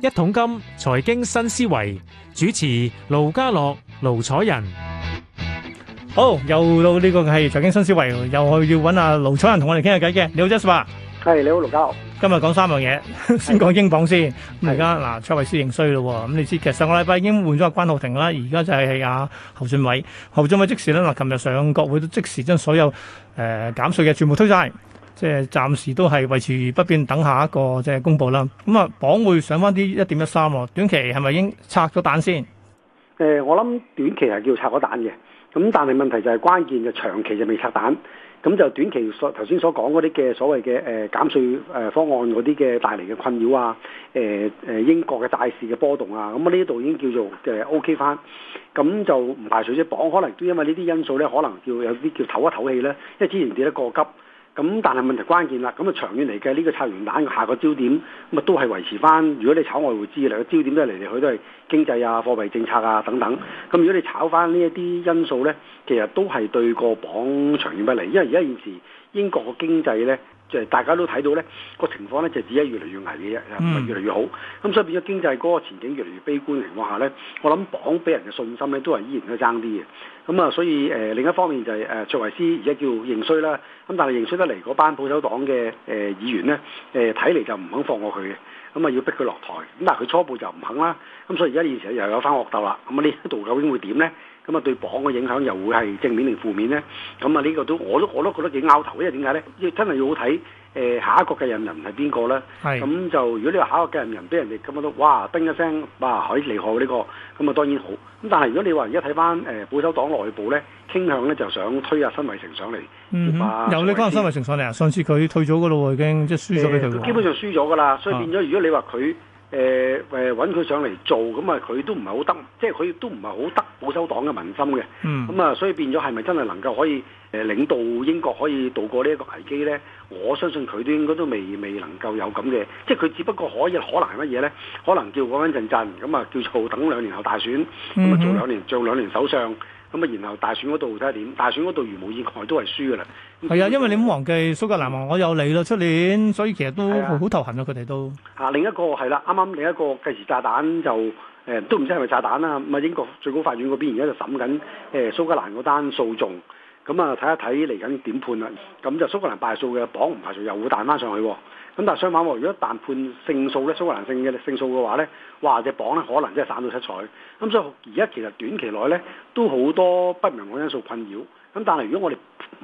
一桶金財經新思維，主持盧家樂、盧楚仁。好，又到呢個係財經新思維，又係要揾阿盧楚仁同我哋傾下偈嘅。你好，Jasper，係你好，盧家樂。今日講三樣嘢，先講英鎊先。大家嗱，卓慧思認衰咯，咁你知其實上個禮拜已經換咗阿關浩霆啦，而家就係阿侯俊偉。侯俊偉即時咧嗱，琴日上國會都即時將所有誒減稅嘅全部推晒。即係暫時都係維持不變，等下一個即係公佈啦。咁啊，鎊會上翻啲一點一三喎。短期係咪已拆咗彈先？誒、呃，我諗短期係叫拆咗彈嘅。咁但係問題就係關鍵就長期就未拆彈。咁、嗯、就短期所頭先所講嗰啲嘅所謂嘅誒、呃、減稅誒方案嗰啲嘅帶嚟嘅困擾啊，誒、呃、誒英國嘅大市嘅波動啊，咁呢度已經叫做嘅、呃、OK 翻。咁、嗯、就唔排除即鎊可能都因為呢啲因素咧，可能叫有啲叫唞一唞氣咧，因為之前跌得過急。咁但係問題關鍵啦，咁啊長遠嚟計呢個拆完蛋，下個焦點咁啊都係維持翻。如果你炒外匯資格，焦點都係嚟嚟去都係經濟啊、貨幣政策啊等等。咁如果你炒翻呢一啲因素咧，其實都係對個鎊長遠不利，因為而家件事。英國嘅經濟咧，就大家都睇到咧個情況咧，就只係越嚟越危嘅啫，唔係越嚟越好。咁所以變咗經濟嗰個前景越嚟越悲觀嘅情況下咧，我諗鎊俾人嘅信心咧，都係依然都爭啲嘅。咁、嗯、啊，所以誒、呃、另一方面就係、是、誒、呃、卓維斯而家叫認衰啦。咁、嗯、但係認衰得嚟嗰班保守黨嘅誒、呃、議員咧，誒睇嚟就唔肯放過佢嘅。咁、嗯、啊要逼佢落台。咁但係佢初步就唔肯啦。咁、嗯、所以而家現時又有翻惡鬥啦。咁啊呢一度究竟會點咧？咁啊，對鎊嘅影響又會係正面定負面咧？咁啊，呢個都我都我都覺得幾拗頭，因為點解咧？要真係要好睇誒下一個繼任人係邊個咧？咁是就如果你話下一個繼任人俾人哋咁啊都哇叮一聲哇，好、哎、厲害嘅呢、這個，咁啊當然好。咁但係如果你話而家睇翻誒保守黨內部咧，傾向咧就想推下辛偉誠上嚟。嗯哼、嗯。有你講辛偉誠上嚟啊？上次佢退咗嘅咯喎，已經即係輸咗俾、呃、基本上輸咗嘅啦，所以變咗、啊、如果你話佢。誒誒揾佢上嚟做，咁啊佢都唔係好得，即係佢都唔係好得保守黨嘅民心嘅。Mm hmm. 嗯，咁啊，所以變咗係咪真係能夠可以誒領導英國可以度過呢一個危機咧？我相信佢都應該都未未能夠有咁嘅，即係佢只不過可以可能係乜嘢咧？可能叫穩穩陣陣，咁啊叫做等兩年後大選，咁啊做兩年做兩年首相。.咁啊，然後大選嗰度睇下點，大選嗰度如無意外都係輸噶啦。係啊的，因為你唔忘記蘇格蘭王，我又嚟啦出年，所以其實都好頭痕啊，佢哋的都。啊，另一個係啦，啱啱另一個計時炸彈就誒、呃，都唔知係咪炸彈啦，咁啊，英國最高法院嗰邊而家就審緊誒蘇格蘭嗰單訴訟。咁啊，睇一睇嚟緊點判啦。咁就蘇格蘭敗訴嘅鎊唔排除又會彈翻上去。咁但係相反喎，如果一旦判勝訴咧，蘇格蘭勝嘅勝訴嘅話咧，哇！隻鎊咧可能真係散到七彩。咁、嗯、所以而家其實短期內咧都好多不明朗因素困擾。咁但係如果我哋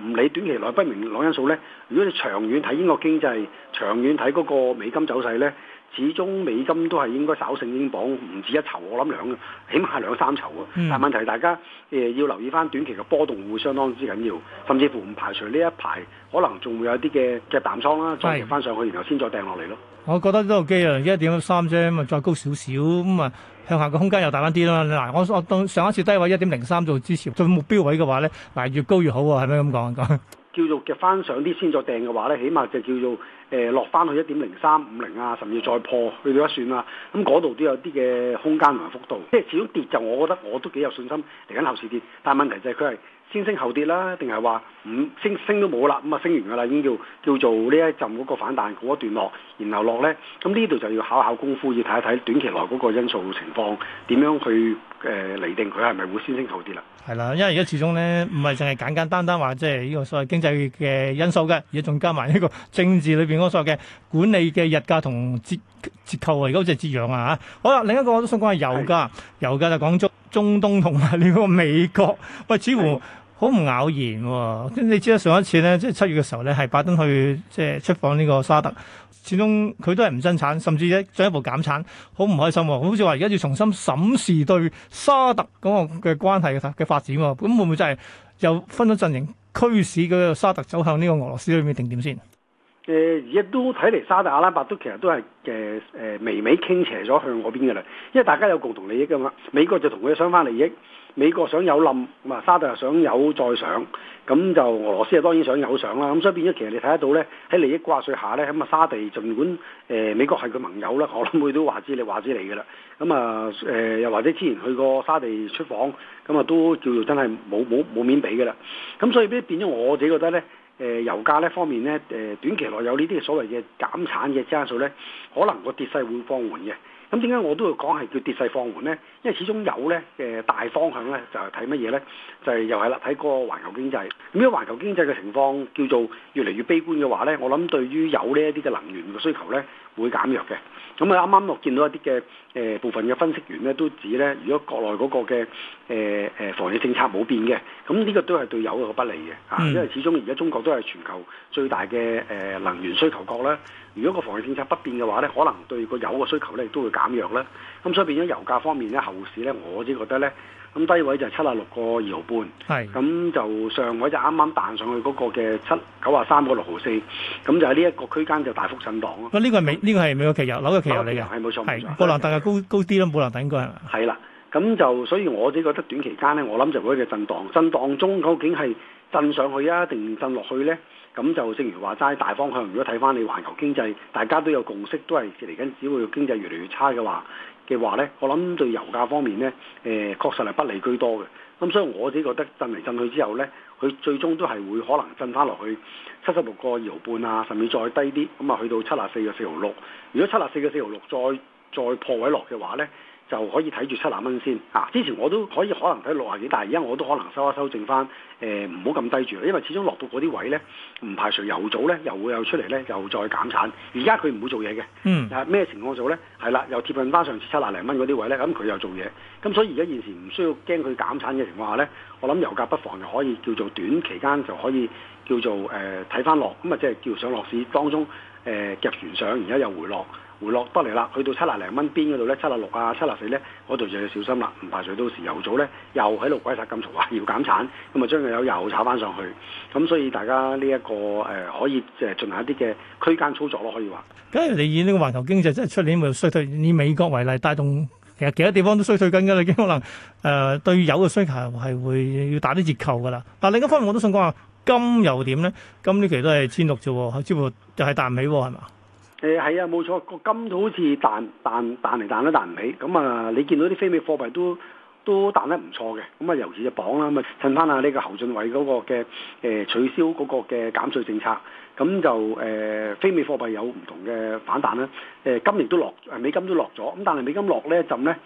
唔理短期內不明朗因素咧，如果你長遠睇英國經濟，長遠睇嗰個美金走勢咧。始終美金都係應該稍勝英鎊，唔止一籌，我諗兩，起碼兩三籌啊。嗯、但係問題大家誒、呃、要留意翻短期嘅波動會相當之緊要，甚至乎唔排除呢一排可能仲會有啲嘅嘅淡倉啦，再嚟翻上去，然後先再掟落嚟咯。是我覺得呢度機啊，一點三啫，咁啊再高少少咁啊向下嘅空間又大翻啲啦。嗱，我我當上一次低位一點零三做支持，做目標位嘅話咧，嗱越高越好喎，係咪咁講啊？ 叫做夾翻上啲先再掟嘅話咧，起碼就叫做。誒落翻去一點零三五零啊，甚至再破去到一算啦，咁嗰度都有啲嘅空間同埋幅度，即係始終跌就我覺得我都幾有信心嚟緊後市跌，但係問題就係佢係先升後跌啦，定係話唔升升都冇啦，咁啊升完㗎啦，已經叫叫做呢一陣嗰個反彈嗰一段落，然後落咧，咁呢度就要考考功夫，要睇一睇短期內嗰個因素情況點樣去誒釐定佢係咪會先升後跌啦？係啦，因為而家始終咧唔係淨係簡簡單單話即係呢個所謂經濟嘅因素嘅，而家仲加埋呢個政治裏邊。我所嘅管理嘅日價同折折扣好節啊，而家好似係折讓啊嚇。好啦，另一個我都想講下油價，的油價就講中中東同埋呢個美國。喂，似乎好唔咬弦、啊。咁你知得上一次咧，即係七月嘅時候咧，係拜登去即係出訪呢個沙特，始終佢都係唔增產，甚至一進一步減產，好唔開心、啊。好似話而家要重新審視對沙特嗰個嘅關係嘅嘅發展、啊。咁會唔會真係又分咗陣營，驅使個沙特走向呢個俄羅斯裏面定點先？誒而家都睇嚟沙特阿拉伯都其實都係誒誒微微傾斜咗向嗰邊嘅啦，因為大家有共同利益嘅嘛，美國就同佢哋相反利益，美國想有冧，咁啊沙特又想有再上，咁就俄羅斯啊當然想有上啦，咁所以變咗其實你睇得到咧，喺利益掛帥下咧，咁啊沙地儘管誒美國係佢盟友啦，我諗佢都話知你話知你嘅啦，咁啊誒又或者之前去過沙地出訪，咁啊都叫做真係冇冇冇面俾嘅啦，咁所以咧變咗我自己覺得咧。誒、呃、油價呢方面呢誒、呃、短期內有呢啲所謂嘅減產嘅因素呢，可能個跌勢會放緩嘅。咁點解我都會講係叫跌勢放緩呢？因為始終油呢嘅、呃、大方向呢，就係睇乜嘢呢？就係、是、又係啦，睇嗰個環球經濟。咁如果環球經濟嘅情況叫做越嚟越悲觀嘅話呢，我諗對於油呢一啲嘅能源嘅需求呢，會減弱嘅。咁、嗯、啊，啱啱我見到一啲嘅誒部分嘅分析員呢，都指呢：如果國內嗰個嘅誒誒防疫政策冇變嘅，咁呢個都係對油個不利嘅嚇。因為始終而家中國都係全球最大嘅誒能源需求國啦。如果個防疫政策不變嘅話咧，可能對個油嘅需求咧都會減弱啦。咁所以變咗油價方面咧，後市咧，我自己覺得咧，咁低位就係七啊六個二毫半，係咁就上位就啱啱彈上去嗰個嘅七九啊三個六毫四，咁就喺呢一個區間就大幅震盪咯。嗰呢個係美呢、呢個係美國期油，樓嘅期油嚟嘅，係冇錯，係布蘭特嘅高高啲咯，布蘭特應該係。係啦吧。的咁就所以，我自己覺得短期間呢，我諗就會一個震盪，震盪中究竟係震上去啊，定震落去呢？咁就正如話齋大方向，如果睇翻你環球經濟，大家都有共識，都係嚟緊只會經濟越嚟越差嘅話嘅話呢，我諗對油價方面呢，誒、呃、確實係不利居多嘅。咁所以我自己覺得震嚟震去之後呢，佢最終都係會可能震翻落去七十六個二毫半啊，甚至再低啲，咁啊去到七十四個四毫六。如果七十四個四毫六再再破位落嘅話呢，就可以睇住七十蚊先啊！之前我都可以可能睇六十幾，但係而家我都可能收一收剩，剩翻誒唔好咁低住，因為始終落到嗰啲位咧，唔排除油早咧又會又出嚟咧又再減產，而家佢唔會做嘢嘅、嗯，嗯，但係咩情況做咧？係啦，又貼近翻上次七十零蚊嗰啲位咧，咁佢又做嘢，咁所以而家現時唔需要驚佢減產嘅情況下咧，我諗油價不妨就可以叫做短期間就可以叫做誒睇翻落，咁啊即係叫上落市當中誒夾、呃、完上，而家又回落。回落得嚟啦，去到七十零蚊邊嗰度咧，七十六啊、七十四咧，嗰度就要小心啦。唔排除到時油早咧又喺度鬼殺咁嘈啊，要減產，咁啊將佢又炒翻上去。咁所以大家呢、這、一個誒、呃、可以即係、呃、進行一啲嘅區間操作咯，可以話。假如你以呢個環球經濟即係出年會衰退，以美國為例，帶動其實其他地方都衰退緊㗎啦，已經可能誒、呃、對油嘅需求係會要打啲折扣㗎啦。但另一方面我都想講下，金又點咧？金呢金期都係千六啫，似乎就係彈唔起喎，係嘛？誒係、嗯、啊，冇錯，個金好似彈彈彈嚟彈都彈唔起，咁、嗯、啊，你見到啲非美貨幣都都彈得唔錯嘅，咁、嗯、啊，尤其是隻鎊啦，咁、嗯、啊，趁翻下呢個侯俊偉嗰個嘅誒、呃、取消嗰個嘅減稅政策，咁、嗯、就誒、呃、非美貨幣有唔同嘅反彈啦，誒、呃、金亦都落，誒美金都落咗，咁、嗯、但係美金落呢一陣呢一就咧，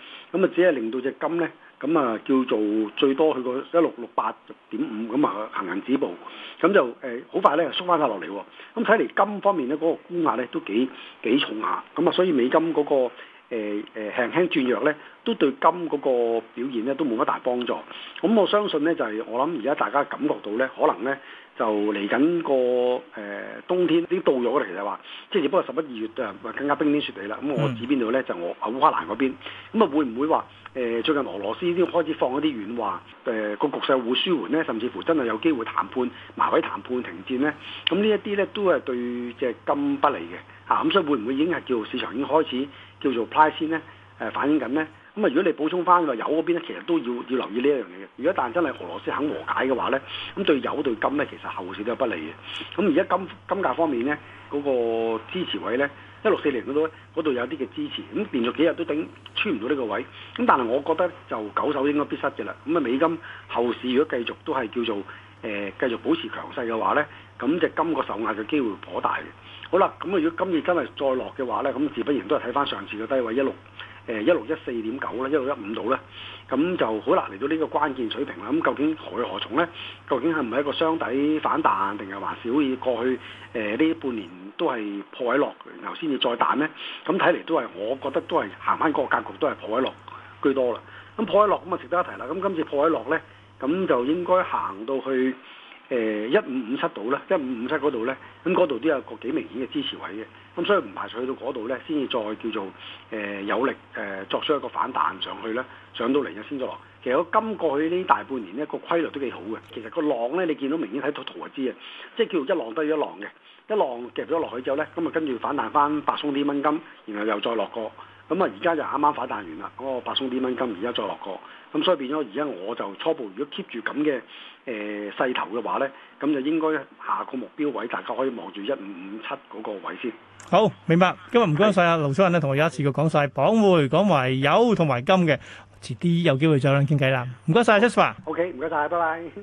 咁啊只係令到隻金咧。咁啊，叫做最多去個一六六八點五，咁啊行行止步，咁就誒好快咧縮翻曬落嚟喎。咁睇嚟金方面咧，嗰個沽壓咧都幾幾重下，咁啊，所以美金嗰個。誒誒、哎、輕輕轉弱咧，都對金嗰個表現咧都冇乜大幫助。咁、嗯、我相信咧，就係、是、我諗而家大家感覺到咧，可能咧就嚟緊個誒冬天已經到咗啦。其實話即係只不過十一二月啊，更加冰天雪地啦。咁、嗯、我指邊度咧？就是、我啊烏克蘭嗰邊。咁、嗯、啊會唔會話誒、呃、最近俄羅斯已經開始放一啲軟話，誒、呃、個局勢會舒緩咧？甚至乎真係有機會談判、麻位談判、停戰咧？咁、嗯、呢一啲咧都係對隻金不利嘅嚇。咁、啊嗯、所以會唔會已經係叫市場已經開始？叫做 price 先咧，誒、呃、反映緊咧，咁、嗯、啊如果你補充翻話油嗰邊咧，其實都要要留意呢一樣嘢嘅。如果但真係俄羅斯肯和解嘅話咧，咁對油對金咧，其實後市都有不利嘅。咁而家金金價方面咧，嗰、那個支持位咧，一六四零嗰度咧，嗰度有啲嘅支持。咁、嗯、連續幾日都頂穿唔到呢個位。咁、嗯、但係我覺得就九手應該必失嘅啦。咁、嗯、啊美金後市如果繼續都係叫做誒繼、呃、續保持強勢嘅話咧，咁隻金個受壓嘅機會頗大嘅。好啦，咁啊，如果今次真係再落嘅話呢，咁自不然都係睇翻上次嘅低位一六，誒一六一四點九啦，一六一五度啦，咁就好難嚟到呢個關鍵水平啦，咁究竟何去何從呢？究竟係唔係一個箱底反彈，定係還是好似過去誒呢、呃、半年都係破位落，然後先至再彈呢？咁睇嚟都係，我覺得都係行翻嗰個格局都係破位落居多啦。咁破位落咁啊，值得一提啦。咁今次破位落呢，咁就應該行到去。誒一五五七度咧，一五五七嗰度咧，咁嗰度都有個幾明顯嘅支持位嘅，咁所以唔排除去到嗰度咧，先至再叫做誒、呃、有力誒、呃、作出一個反彈上去咧，上到嚟嘅先再落。其實我今過去呢大半年呢個規律都幾好嘅，其實個浪咧，你見到明顯睇到圖就知啊，即係叫一浪低一浪嘅，一浪夾咗落去之後咧，咁啊跟住反彈返百鬆啲蚊金，然後又再落過。咁啊，而家就啱啱反彈完啦，嗰個百鬆啲蚊金，而家再落過，咁所以變咗而家我就初步如果 keep 住咁嘅誒勢頭嘅話咧，咁就應該下個目標位大家可以望住一五五七嗰個位先。好，明白。今日唔該晒啊，盧楚仁咧，同我有一次嘅講晒，講埋講埋油同埋金嘅，遲啲有機會再兩傾偈啦。唔該晒啊，Christopher。OK，唔該晒，拜拜。